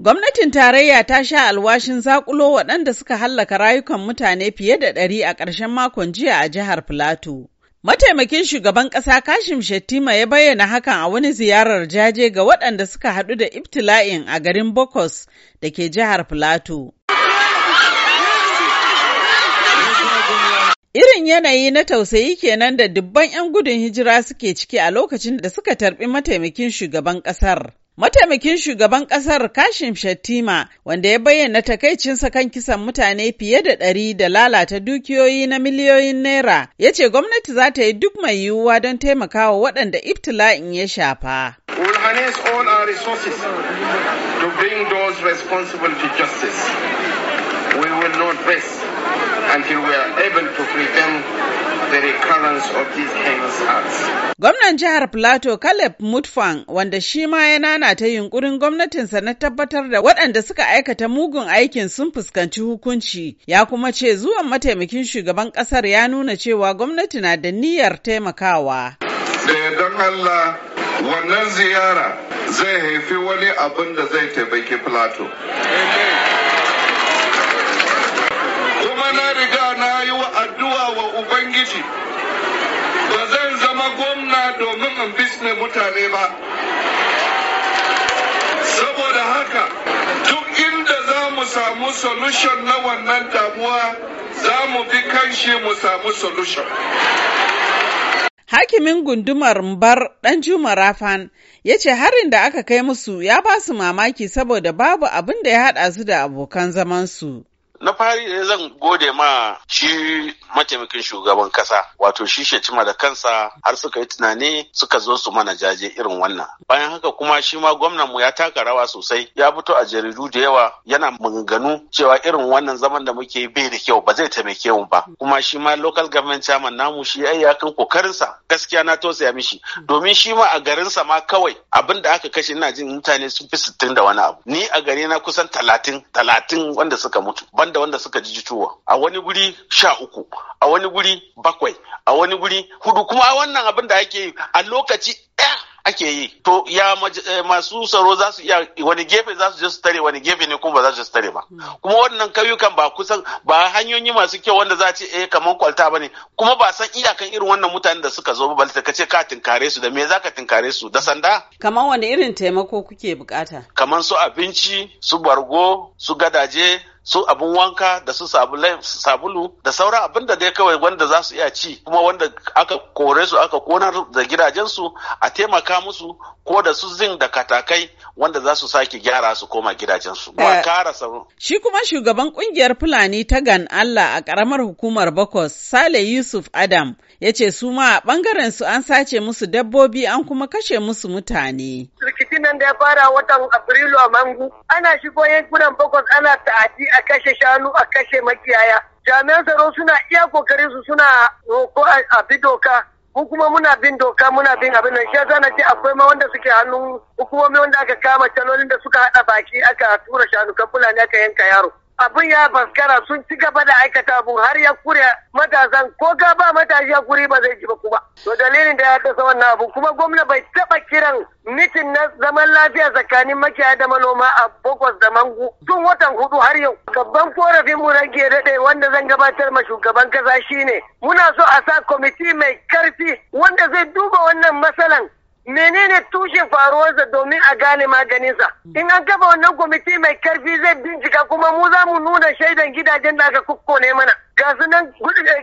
Gwamnatin tarayya ta sha alwashin zakulo waɗanda suka hallaka rayukan mutane fiye da ɗari a ƙarshen makon jiya a jihar Filato. Mataimakin shugaban ƙasa Kashim Shettima ya bayyana hakan a wani ziyarar jaje ga waɗanda suka haɗu da ibtila'in a garin Bokos da ke jihar Filato. Irin yanayi na tausayi kenan da dubban 'yan gudun hijira suke ciki a lokacin da suka tarbi mataimakin shugaban ƙasar. Mataimakin shugaban ƙasar Kashim Shattima wanda ya bayyana takaicinsa kan kisan mutane fiye da ɗari da lalata dukiyoyi na miliyoyin naira ya ce gwamnati za ta yi duk mai yiwuwa don taimakawa waɗanda ibtila'in ya shafa. the recurrence of these Gwamnan jihar Plato Caleb Mutfang wanda shi ma ya nana ta yunkurin gwamnatinsa na tabbatar da waɗanda suka aikata mugun aikin sun fuskanci hukunci ya kuma ce zuwan mataimakin shugaban ƙasar ya nuna cewa gwamnati na da niyyar taimakawa. Da don Allah wannan ziyara zai haifi wani abin da zai taimaki Plato. Kuma na riga na yi wa ubangiji ba zan zama gwamna domin in bisne mutane ba saboda haka duk inda za mu samu solution na wannan damuwa za mu fi kanshi mu samu solution Hakimin gundumar Mbar ɗan Juma Rafan ya ce harin da aka kai musu ya ba su mamaki saboda babu abin da ya haɗa su da abokan zamansu. na fari da eh, zan gode ma shi mataimakin shugaban kasa wato shi cima da kansa har suka yi tunani suka zo su mana jaje irin wannan bayan haka kuma shi ma gwamnan mu ya taka rawa sosai ya fito a jaridu da yawa yana maganganu cewa irin wannan zaman da muke bai da kyau ba zai taimake mu ba kuma shi ma local government chairman namu shi ai ya kan kokarin sa gaskiya na tausaya mishi domin shi ma a garinsa ma kawai abin da aka kashe ina jin mutane sun fi sittin da wani abu ni a gari na kusan talatin talatin wanda suka mutu ban da wanda suka ji ciwo a wani guri sha uku a wani guri bakwai a wani guri hudu kuma wannan abin da ake yi a lokaci ɗaya ake yi to ya eh, masu tsaro za su iya wani gefe za su je su tare wani gefe ne kuma ba za su tare ba hmm. kuma wannan kauyukan ba kusan ba hanyoyi masu kyau wanda za a ce eh kaman kwalta ba ne. kuma ba san iyakan irin wannan mutane da suka zo ba balta ka ce ka tinkare su da me za ka tinkare su da sanda kaman wani irin taimako kuke bukata kaman su abinci su bargo su gadaje su abin wanka da su sabulu da sauran abin da dai kawai wanda za su iya ci kuma wanda aka kore su aka konar da gidajensu a taimaka musu ko da su zin da katakai wanda za su sake gyara su koma gidajensu. kara eh, Shi kuma shugaban kungiyar Fulani ta gan Allah a karamar hukumar Bakos Sale Yusuf Adam ya ce su ma a bangaren su an sace musu dabbobi an kuma kashe musu mutane. lokacin nan da ya fara watan Afrilu a Mangu, ana shigo yankunan bakwas ana ta'adi a kashe shanu a kashe makiyaya. Jami'an tsaro suna iya kokarin su suna roko a bi doka. Mu kuma muna bin doka muna bin abin nan. Shi yasa na ce akwai ma wanda suke hannun hukumomi wanda aka kama calolin da suka haɗa baki aka tura shanu kan fulani aka yanka yaro. abin ya baskara sun ci gaba da aikata abu har ya kure matasan ko ga ba matashi ya kure ba zai ji ba kuma to dalilin da ya dasa wannan abu kuma gwamna bai taba kiran mitin na zaman lafiya tsakanin makiyaya da manoma a bokos da mangu tun watan hudu har yau babban korafin mu rage daɗe wanda zan gabatar ma shugaban kasa shine muna so a sa kwamiti mai karfi wanda zai duba wannan matsalan menene tushen faruwarsa domin a gane maganinsa hmm. in an kafa wannan kwamiti mai karfi zai bincika kuma mu za mu nuna shaidan gidajen da aka ne mana ga su nan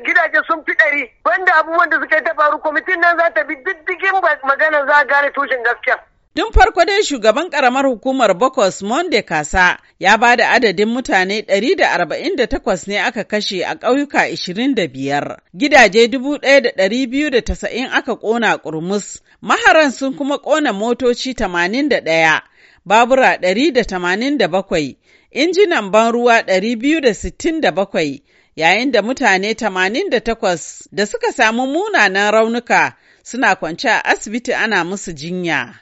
gidaje sun fi ɗari wanda abubuwan da suka yi ta faru kwamitin nan za ta bi diddigin maganar za a gane tushen gaskiya Tun farko dai shugaban karamar hukumar Bokos Monde Kasa ya ba da adadin mutane 148 ne aka kashe a ƙauyuka 25, gidaje 1,290 aka ƙona ƙurmus, maharan sun kuma ƙona motoci 81, babura 187, injinan ban ruwa 267, yayin da mutane 88 da suka samu munanan raunuka suna kwance a asibiti ana musu jinya.